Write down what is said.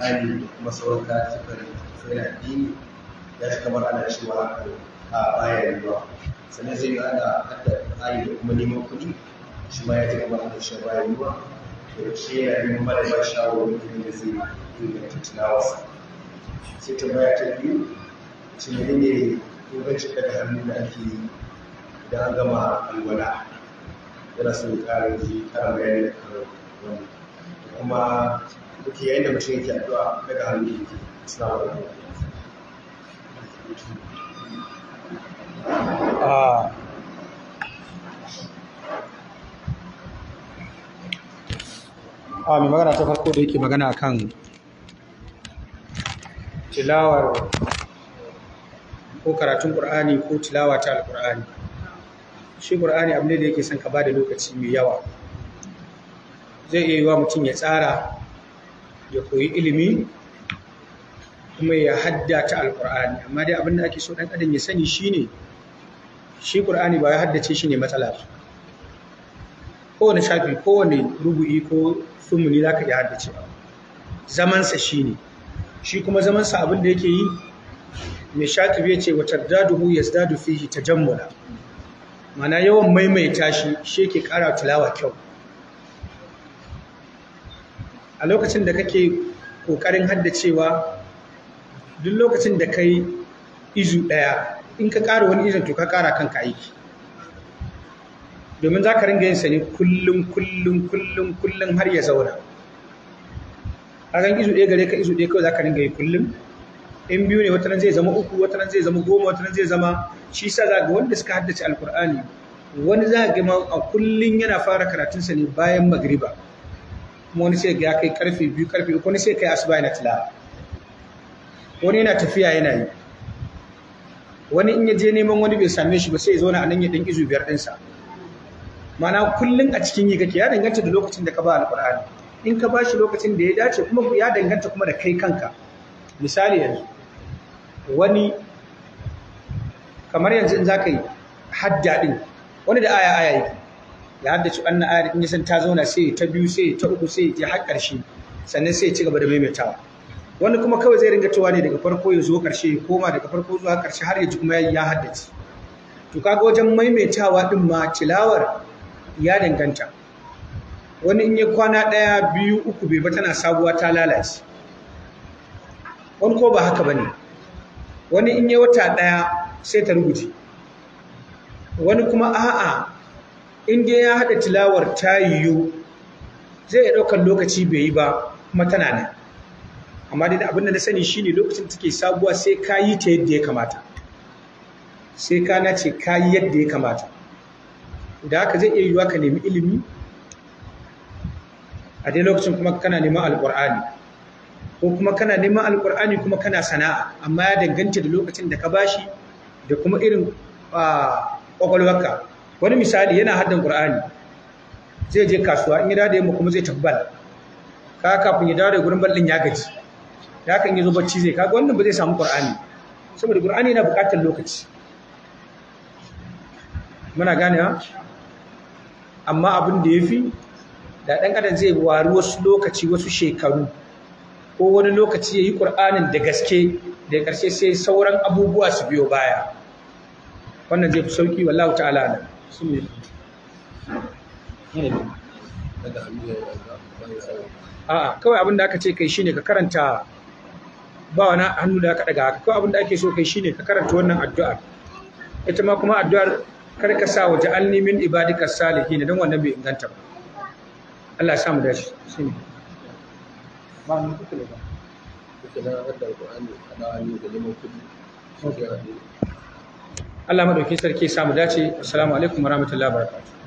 alƙur'ani da kuma sauran karatukan sai addini ya fi kamar ana cewa a bayan ruwa sannan sai ga ana hadda alƙur'ani da kuma neman kuɗi shi ma ya fi kamar ana cewa bayan ruwa da shi yana neman mara ba shawarwari da zai inganta tunawarsa sai baya ta biyu shi ne ne ingancin daga hannu da ake yi idan an gama alwala yana so ya ji ƙara bayani da kuma kuke yayin da mutum yake addu'a daga hannu assalamu alaikum a ah. ah, mai magana ta farko da yake magana kan tilawar ko karatun ƙur'ani ko tilawa ta alƙur'ani shi ƙur'ani abu ne da yake son ka ba da lokaci mai yawa zai iya yi wa mutum ya tsara ya koyi ilimi kuma ya haddata alkur'ani amma dai abinda ake so ɗan adam ya sani shine shi ƙur'ani ba ya haddace shi ne matsala Ko kowane shafi kowane rubu'i ko sumuni za ka iya haddace ba zamansa shi ne shi kuma zamansa abin da yake yi mai shafi ya ce wata daduhu ya zadu fihi ta jammula mana yawan maimaita shi shi yake ƙara tulawa kyau a lokacin da kake ƙoƙarin haddacewa duk lokacin da kai izu ɗaya in ka ƙara wani izu to ka ƙara kanka aiki domin za ka ringa yin sani kullum kullum kullum kullum har ya zauna kan izu ɗaya gare ka izu ɗaya kawai za ka ringa yi kullum in biyu ne watanan zai zama uku watanan zai zama goma watanan zai zama shi sa za ga wanda suka haddace alkur'ani wani za ga ma a kullum yana fara karatunsa ne bayan magriba kuma wani sai ya kai karfe biyu karfe uku wani sai kai asuba yana tilawa wani yana tafiya yana yi wani in ya je neman wani bai same shi ba sai ya zauna a nan ya dan izu biyar ɗinsa mana kullum a cikin yi kake ya danganta da lokacin da ka ba alƙur'ani in ka ba shi lokacin da ya dace kuma ya danganta kuma da kai kanka misali yanzu wani kamar yanzu in za ka yi hadda ɗin wani da aya aya yake ya haddace wannan ayar in san ta zauna sai ta biyu sai ta uku sai ta har karshe sannan sai ci gaba da maimaitawa wanda kuma kawai zai ringa tawa ne daga farko ya zo ƙarshe koma daga farko zuwa ƙarshe har ya ji kuma ya haddace to kaga wajen maimaitawa din ma tilawar ya danganta wani in ya kwana ɗaya biyu uku bai ba tana sabuwa ta lalace wani ko ba haka bane wani in ya wata ɗaya sai ta rubuce wani kuma a'a in dai ya haɗa tilawar ta yiwu zai iya ɗaukar lokaci bai yi ba kuma tana nan amma dai abin da na sani shine lokacin take sabuwa sai ka yi ta yadda ya kamata sai ka nace ka yi yadda ya kamata da haka zai iya yiwuwa ka nemi ilimi a dai lokacin kuma kana neman alƙur'ani ko kuma kana neman alƙur'ani kuma kana sana'a amma ya danganta da lokacin da ka bashi da kuma irin ah, ƙwaƙwalwarka wani misali yana haddan qur'ani zai je kasuwa in ya dade mu kuma zai tabbal ka kafin ya dawo gurin ballin ya gaji ya kan yi zo bacci Ka kaga wannan ba zai samu qur'ani saboda qur'ani yana buƙatar lokaci muna gane amma abin da yafi da ɗan adam zai wari wasu lokaci wasu shekaru ko wani lokaci ya yi ƙur'anin da gaske da ƙarshe sai sauran abubuwa su biyo baya wannan zai fi sauƙi wallahu ta'ala nan bismillah a'a kawai abin da aka ce kai shine ka karanta ba wani hannu da aka daga haka kawai abin da ake so kai shine ka karanta wannan addu'a ita ma kuma addu'ar kar ka sa waje alni min ibadika ne don wannan bai inganta ba Allah ya samu dashi shine ba ni kuke ba kuke na da Qur'ani ana ni da limon kudi Allah madauki sarki ya samu dace assalamu alaikum warahmatullahi wabarakatuh